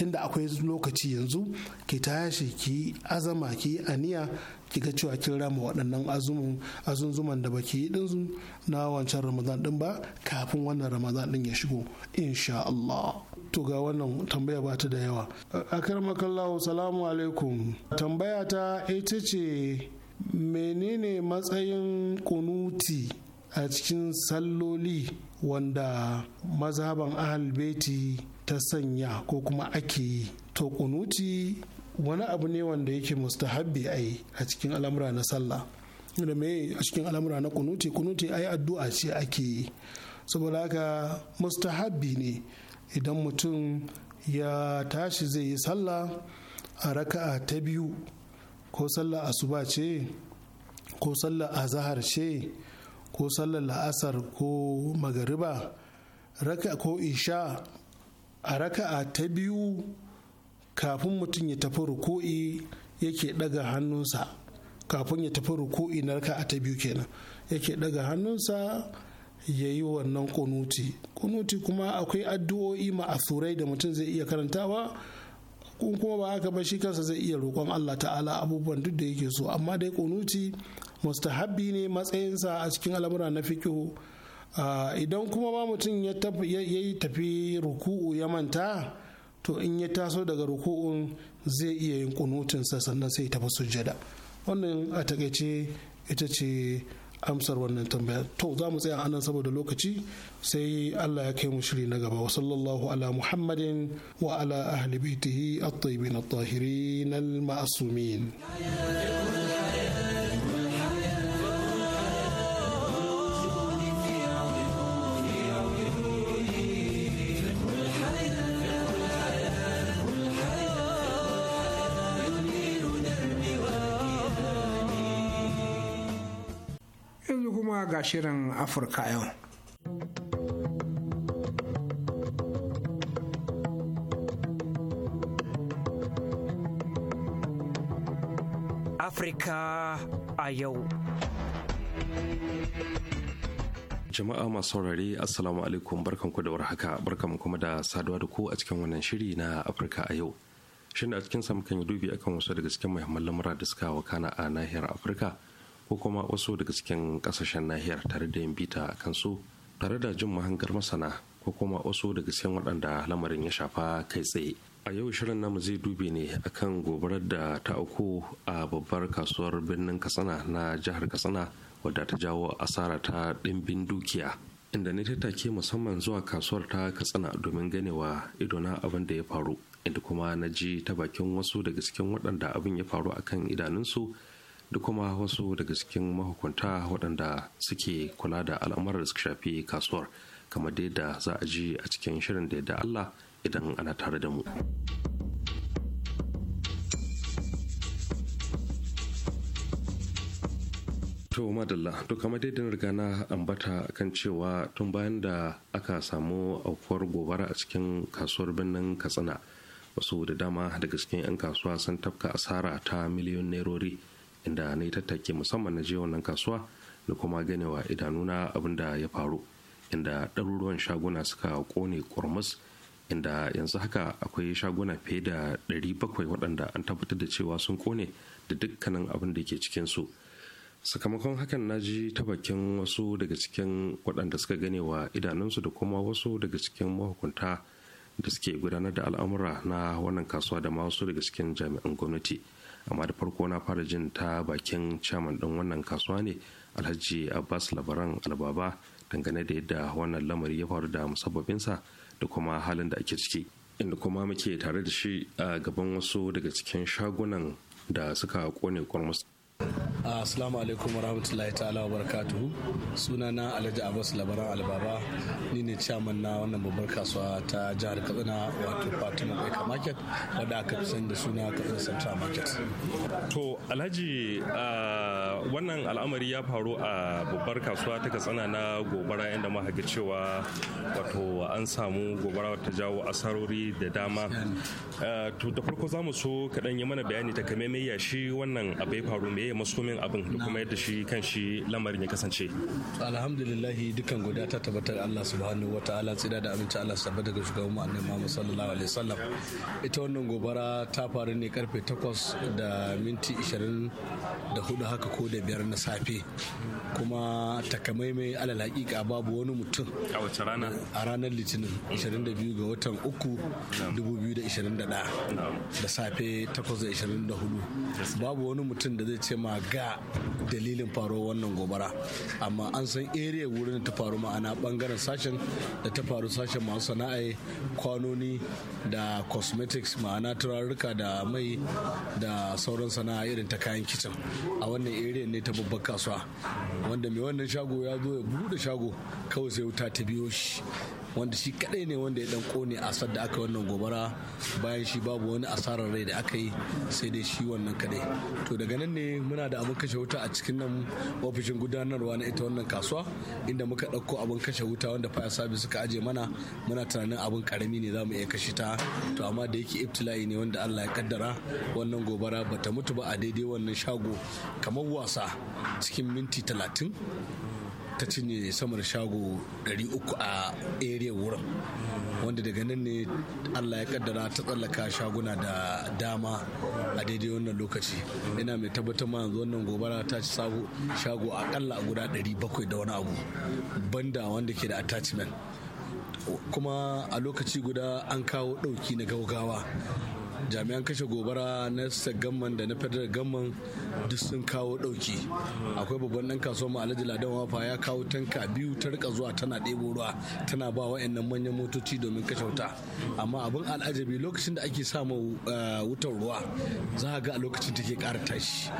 tunda akwai lokaci yanzu ki tashi ki azama ki aniya ki ga cewa kin rama waɗannan azunzuman da baki yi din na wancan ramadan din ba kafin wannan ramadan din ya shigo insha Allah to ga wannan tambaya ba ta da yawa akramakallahu salamu alaikum tambaya ta ita ce menene matsayin kunuti a cikin salloli wanda mazhaban ahal beti ta sanya ko kuma ake yi to kunuti wani abu ne wanda yake mustahabbi a yi a cikin al'amura na sallah da me a cikin al'amura na kunuti kunuti ai addu'a ce ake yi saboda haka mustahabbi ne idan mutum ya tashi zai yi sallah a raka'a ta biyu ko sallah asuba ce ko sallah zahar ce ko sallah la'asar ko magariba raka ko isha a raka'a ta biyu kafin mutum ya tafi ruku'i yake daga hannunsa kafin ya tafi ruku'i na raka'a ta biyu kenan yake daga hannunsa ya yi wannan kunuti kunuti kuma akwai addu'o'i ma'asurai da mutum zai iya karantawa kun kuma ba haka ba shi kansa zai iya roƙon Allah ta'ala abubuwan duk da yake so amma dai kunuti mustahabbi ne matsayinsa a cikin al'amura na fikihu Ah, idan kuma ba mutum ya yi tafi ruku'u ya manta to in ya taso daga ruku'un zai iya yin kunutinsa sannan sai tafi sujjada wannan a takaice ita ce amsar wannan tambaya to za mu tsaya anan saboda lokaci sai Allah ya kai mu shiri na gaba wa sallallahu ala muhammadin wa ala ahli baitihi at-tayyibin at-tahirin al-ma'sumin shirin Afirka yau. Afirka a yau. Jama'a masu saurare Assalamu alaikum barkanku da warhaka barkanku kuma da saduwa da ku a cikin wannan shiri na Afirka a yau. Shin a cikin sa mukan yi dubi akan wasu daga cikin muhimman lamura da suka wakana a nahiyar Afirka ko kuma wasu daga cikin kasashen nahiyar tare da yin bita a kansu tare da jin mahangar masana ko kuma wasu daga cikin waɗanda lamarin ya shafa kai tsaye a yau shirin namu zai dubi ne akan gobarar da ta auku a babbar kasuwar birnin katsina na jihar katsina wadda ta jawo asara ta ɗimbin dukiya inda ne take musamman zuwa kasuwar ta katsina domin ganewa idona abin da ya faru inda kuma na ji ta bakin wasu daga cikin waɗanda abin ya faru akan idanunsu da kuma wasu daga cikin mahukunta waɗanda suke kula da al'amuran da suka shafi kasuwar kamar dai da za a ji a cikin shirin da da Allah idan ana tare da mu. To madalla to kamar dai da riga na ambata kan cewa tun bayan da aka samu aukuwar gobara a cikin kasuwar birnin Katsina wasu da dama daga cikin 'yan kasuwa sun tafka asara ta miliyon nerori. inda na yi tattake musamman na je wannan kasuwa da kuma ganewa idanuna abin da ya faru inda ɗaruruwan shaguna suka ƙone ƙurmus inda yanzu haka akwai shaguna fiye da 700 waɗanda an tabbatar da cewa sun ƙone da dukkanin abin da ke cikinsu sakamakon hakan na ji ta bakin wasu daga cikin waɗanda suka ganewa idanunsu da kuma wasu daga cikin mahukunta da suke gudanar da al'amura na wannan kasuwa da ma wasu daga cikin jami'an gwamnati. amma da farko na fara jin ta bakin chairman din wannan kasuwa ne alhaji abbas labaran albaba dangane da yadda wannan lamari ya faru da musabbabinsa da kuma halin da ake ciki inda kuma muke tare da shi a gaban wasu daga cikin shagunan da suka kone kwarmus Assalamu alaikum warahmatullahi ta'ala wabarakatuhu. Sunana Alhaji Abbas Labaran Albaba ni ne chairman na wannan babbar kasuwa ta jihar Katsina wato Fatima Baika Market wadda aka fi sani da suna Katsina Central Market. To Alhaji wannan al'amari ya faru a babbar kasuwa ta Katsina na gobara inda muka ga cewa wato an samu gobara ta jawo asarori da dama. To da farko za mu so kaɗan yi mana bayani ta kame mai yashi wannan abai faru mai yi maso alamomin abin da kuma yadda shi kan shi lamarin ya kasance alhamdulillahi dukkan guda ta tabbatar Allah subhanahu wataala tsira da abinci Allah su sabba daga shugaban mu annabi Muhammad sallallahu alaihi wasallam ita wannan gobara ta faru ne karfe 8 da minti 20 da hudu haka ko da biyar na safe kuma takamaimai alal hakika babu wani mutum a wace rana a ranar litinin 22 ga watan 3 2021 da safe 8 da 24 babu wani mutum da zai ce ma ga dalilin faruwar wannan gobara amma an san area wurin da ta faru ma'ana bangaren sashen da ta faru sashen masu sana'a kwanoni da cosmetics ma'ana turarruka da mai da sauran sana'a irin ta kayan kicin a wannan area ne ta babbar kasuwa wanda mai wannan shago ya zo ya bude shago kawai sai wuta ta biyo shi wanda shi kadai ne wanda ya dan kone asar da aka wannan gobara bayan shi babu wani asarar rai da aka yi sai dai shi wannan kadai to daga nan ne muna da abin kashe wuta a cikin nan ofishin gudanarwa na ita wannan kasuwa inda muka ɗauko abin kashe wuta wanda fire service suka aje mana muna tunanin abin karami ne za mu iya kashe ta to amma da yake iftila'i ne wanda Allah ya kaddara wannan gobara bata mutu ba a daidai wannan shago kamar wasa cikin minti talatin ta cinye sama da shago 300 a area wurin wanda daga nan ne allah ya kaddara ta tsallaka shaguna da dama a daidai wannan lokaci ina mai tabbatar ma yanzu wannan gobara ta ci shago akalla guda 700 da wani abu banda wanda ke da attachment kuma a lokaci guda an kawo ɗauki na gaugawa jami'an kashe gobara na state gamman da na federal gamman duk sun kawo ɗauki akwai babban ɗan kasuwa mu alhaji ladan wafa ya kawo tanka biyu ta rika zuwa tana ɗebo ruwa tana ba wa'annan manyan motoci domin kashe wuta amma abin al'ajabi lokacin da ake samu eh, wutar ruwa za a ga a lokacin take ƙara tashi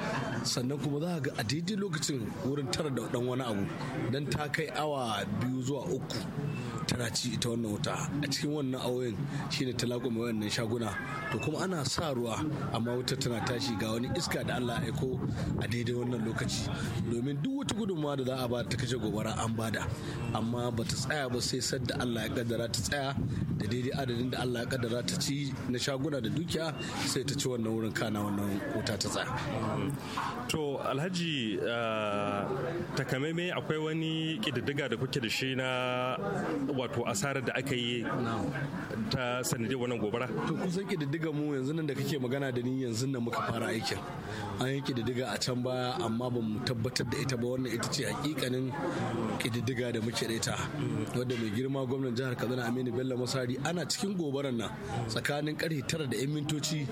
sannan kuma za a ga a daidai lokacin wurin tara da ɗan wani abu dan ta kai awa biyu zuwa uku tana ci ita wannan wuta a cikin wannan auyen shine talakon mai wannan shaguna to kuma ana sa ruwa amma wuta tana tashi ga wani iska da Allah ya aiko a daidai wannan lokaci domin duk wata gudunmawa da za a ba ta kashe gobara an bada amma ba ta tsaya ba sai sadda Allah ya kaddara ta tsaya da daidai adadin da Allah ya kaddara ta ci na shaguna da dukiya sai ta ci wannan wurin kana wannan wuta ta tsaya to alhaji ah, takamaimai akwai wani kididdiga da kuke da shi na wato asarar da aka yi ta sanadiyar wannan gobara to kusan kididdigan mu yanzu nan da kake magana da ni yanzu nan muka fara aikin an yi kididdiga a can baya amma ba mu tabbatar da ita ba wannan ita ce hakikanin kididdiga da muke da ita wadda mai girma gwamnan jihar kaduna aminu bello masari ana cikin gobarar nan tsakanin karfe tara da yan mintoci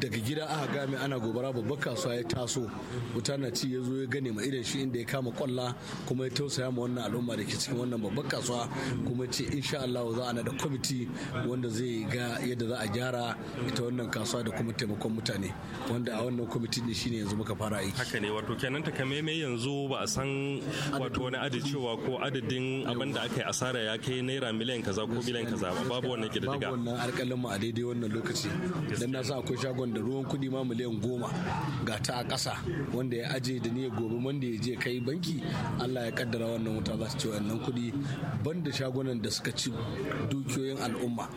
daga gida aka game ana gobara babbar kasuwa ya taso wuta na ci ya zo ya gane ma idan shi inda ya kama kwalla kuma ya tausaya ma wannan al'umma da ke cikin wannan babbar kasuwa kuma ce insha Allah za a na da kwamiti wanda zai ga yadda za a gyara ita wannan kasuwa da kuma taimakon mutane wanda a wannan kwamiti ne shine yanzu muka fara aiki haka ne wato kenan takamaimai yanzu ba a san wato wani adadin cewa ko adadin abin da aka yi asara ya kai naira miliyan kaza ko miliyan kaza ba babu wannan kididdiga babu wannan alƙalin mu a daidai wannan lokaci dan na sa akwai shagon da ruwan kuɗi ma miliyan goma ga ta a ƙasa wanda ya aje da niyyar gobe wanda ya je kai banki Allah ya kaddara wannan wuta za su ci wannan kuɗi banda shagunan da suka ci dukiyoyin al'umma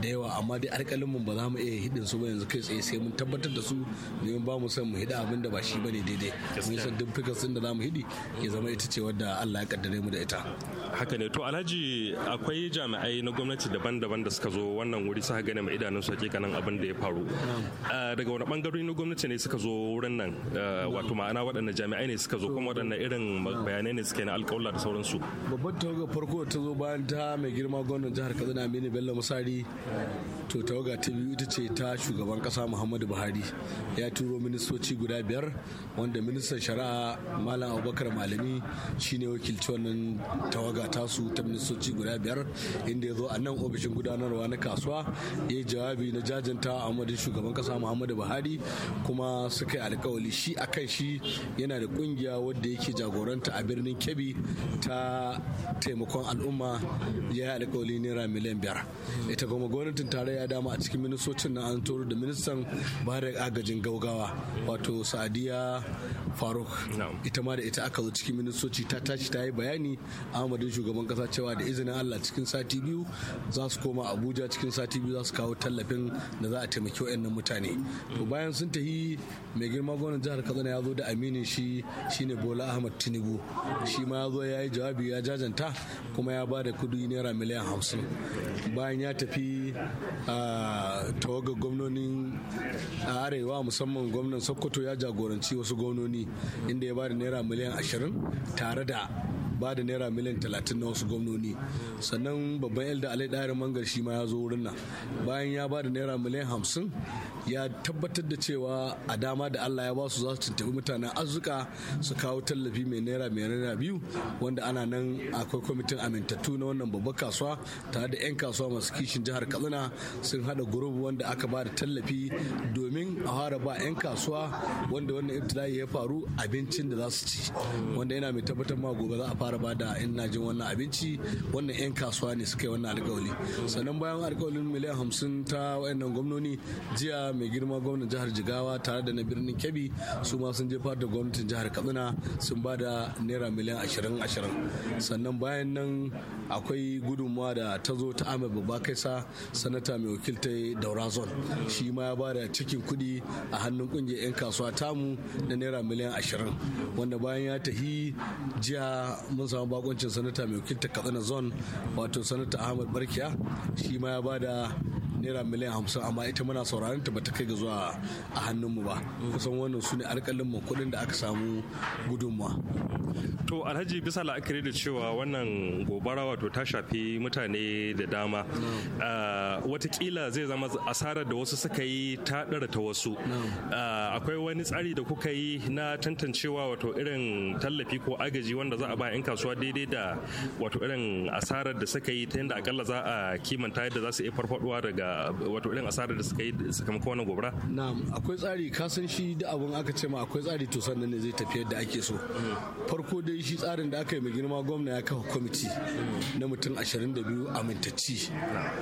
da yawa amma dai alƙalin mu ba za mu iya hidin su ba yanzu kai tsaye sai mun tabbatar da su domin ba mu san mu hida abin da ba shi bane daidai mun san duk fikar sun da zamu hidi ke zama ita ce wadda Allah ya kaddare mu da ita haka ne to alhaji akwai jami'ai na gwamnati daban-daban da suka zo wannan wuri suka gane mu idanun su hakikanin abin da ya faru ah, daga wani bangarori na gwamnati ne suka zo wurin nan ah, wato ma'ana waɗannan jami'ai ne suka zo kuma waɗannan irin bayanai ne suke na alƙawla da sauransu babban tawaga farko ta zo bayan ta mai girma gwamnan jihar Kaduna Aminu Bello Musari to tawaga ta biyu ita ce ta shugaban kasa muhammadu buhari ya turo ministoci guda biyar wanda ministan shari'a malam abubakar malami shine wakilci wannan tawaga tasu ta ministoci guda biyar inda ya zo a nan ofishin gudanarwa na kasuwa ya yi jawabi na jajanta a shugaban kasa muhammadu buhari kuma suka yi alkawali shi a kan shi yana da kungiya wadda yake jagoranta a birnin kebbi ta taimakon al'umma ya yi alkawali naira miliyan biyar ita kuma gwamnatin tarayya dama a cikin ministoci ministocin na an turo da ministan ba agajin gaugawa wato sa'adiya faruk ita ma da ita aka zo cikin ministoci ta tashi ta yi bayani amadin shugaban kasa cewa da izinin allah cikin sati biyu za su koma abuja cikin sati biyu za su kawo tallafin da za a taimaki wayannan mutane to bayan sun tafi mai girma gwamnan jihar katsina ya zo da aminin shi shine bola ahmad tinubu shi ma ya zo ya yi jawabi ya jajanta kuma ya ba da kudi naira miliyan hamsin bayan ya tafi ah, tawagar gwamnonin arewa musamman gwamnan sokoto ya jagoranci wasu gwamnoni inda ya ba da naira miliyan ashirin tare da ba da naira miliyan talatin na wasu gwamnoni sannan babban elda alai ɗari mangar shi ma ya zo wurin nan bayan ya ba da naira miliyan hamsin ya tabbatar da cewa a dama da allah ya ba su za su tuntuɓi mutanen arzuka su kawo tallafi mai naira mai naira biyu wanda ana nan akwai kwamitin amintattu na wannan babban kasuwa tare da 'yan kasuwa masu kishin jihar kaduna sun hada gurub wanda aka ba da tallafi domin a fara ba 'yan kasuwa wanda wannan ibtila'i ya faru abincin da za su ci wanda yana mai tabbatar ma gobe za a fara fara ba da ina jin wannan abinci wannan 'yan kasuwa ne suka yi wannan alkawali sannan bayan alkawalin miliyan hamsin ta wayannan gwamnoni jiya mai girma gwamnan jihar jigawa tare da na birnin kebbi su ma sun jefar da gwamnatin jihar kaduna sun ba da naira miliyan ashirin ashirin sannan bayan nan akwai gudunmawa da ta zo ta ahmed babakaisa sanata mai wakiltar daura zone shi ma ya ba da cikin kuɗi a hannun kungiyar 'yan kasuwa tamu na naira miliyan ashirin wanda bayan ya tahi jiya mun samu bakoncin sanata mai wakilta katsina zone wato sanata ahmad barkiya shi ma ya ba da naira miliyan hamsin amma ita muna sauraron ta bata kai ga zuwa a hannunmu ba kusan wannan su ne alƙalin mu kuɗin da aka samu gudunmuwa to alhaji bisa la'akari da cewa wannan gobara wato ta shafi mutane da dama ah, watakila zai zama asarar da wasu suka yi ta ɗara ta wasu ah, akwai wani tsari da kuka yi na tantancewa wato irin tallafi ko agaji wanda za a ba 'yan kasuwa daidai da wato irin asarar da suka yi ta yadda akalla za a kimanta yadda za su iya farfaduwa daga wato irin asarar da suka yi sakamakon wannan gobara na'am akwai tsari ka san shi da abun aka ce ma akwai tsari to sannan ne zai tafi yadda ake so farko dai shi tsarin da aka yi mai girma gwamna ya kafa kwamiti na mutum 22 amintacci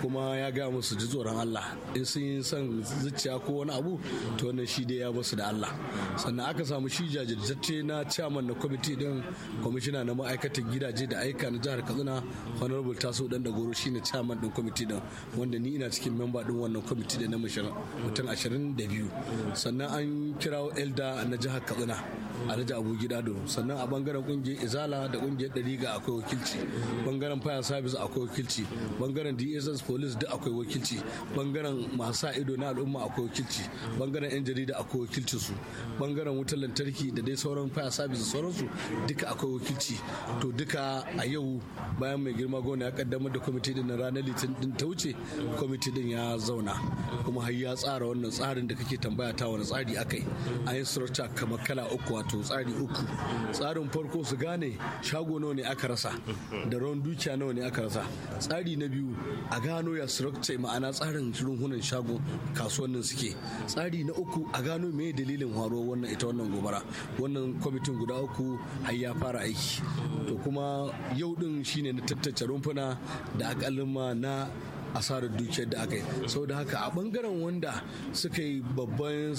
kuma ya gaya musu ji tsoron Allah in sun yi son zuciya ko wani abu to wannan shi dai ya basu da Allah sannan aka samu shi jajirtacce na chairman na kwamiti din kwamishina na ma'aikatan gidaje da aika na jihar katsina honorable taso dan da goro shine chairman din kwamiti din wanda ni ina cikin member din wannan kwamiti da na mutum 22 sannan an kirawo elda na jihar katsina alhaji abu gida do sannan a bangaren kungiyar izala da kungiyar ga akwai wakilci bangaren fire service akwai wakilci bangaren dss police duk akwai wakilci bangaren Masa ido na al'umma akwai wakilci bangaren yan jarida akwai wakilci su bangaren wutar lantarki da dai sauran fire service sauransu duka akwai wakilci to duka a yau bayan mai girma gona ya kaddamar da kwamiti din ranar litin din ta wuce kwamiti din ya zauna kuma har ya tsara wannan tsarin da kake tambaya ta wani tsari akai a yi surta kamar kala uku wato tsari uku tsarin farko su gane shago nawa ne aka rasa da rawan dukiya nawa ne aka rasa tsari na biyu a gano ya surta ma'ana tsarin runhunan shago kasuwannin suke tsari na uku a gano me dalilin haro wannan ita wannan gobara wannan kwamitin guda uku har ya fara aiki to kuma yau din shine na tattace rumfuna da akalin ma na asarar dukiyar da aka yi sau da haka a bangaren wanda suka yi babban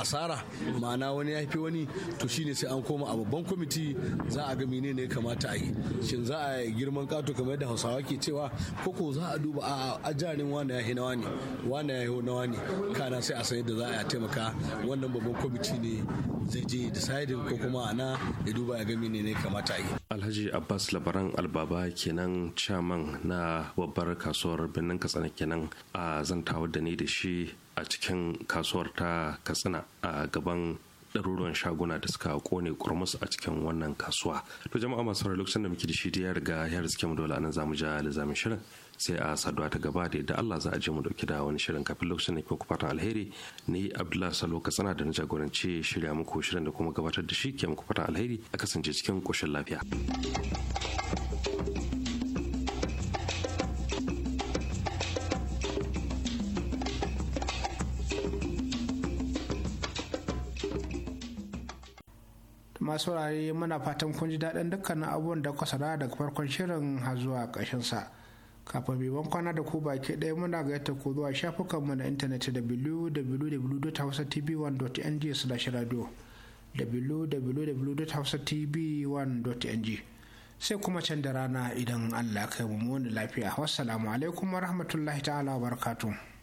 asara ma'ana wani ya fi wani to shine sai an koma a babban kwamiti za a ga ne ne kamata a yi shin za a yi girman kato kamar da hausawa ke cewa koko za a duba a ajarin wanda ya hina wani wanda ya hina wani kana sai a san yadda za a taimaka wannan babban kwamiti ne zai je deciding ko kuma ana ya duba ya ga ne ne kamata a yi alhaji abbas labaran albaba kenan chairman na babbar kasuwar birnin katsina kenan a zan da ni da shi a cikin kasuwar ta katsina a gaban ɗaruruwan shaguna da suka kone kurmus a cikin wannan kasuwa to jama'a masu sauraro lokacin da muke da shi da ya riga ya riske mu dole anan zamu ja lizamin shirin sai a saduwa ta gaba da yadda Allah za a je mu dauki da wani shirin kafin lokacin da kuma fatan alheri ni Abdullahi Salo Katsina da na jagoranci shirya muku shirin da kuma gabatar da shi ke muku fatan alheri a kasance cikin koshin lafiya. masu raye muna fatan kun ji daɗin dukkanin abubuwan da kwasara daga farkon shirin har zuwa ƙarshen sa kafin biban kwana da ku baki ɗaya muna gayyata ku zuwa shafukanmu na intanet da www.hausatv1.ng slash radio www.hausatv1.ng sai kuma can da rana idan allah kai mu wani lafiya wassalamu alaikum wa rahmatullahi ta'ala wa barakatuh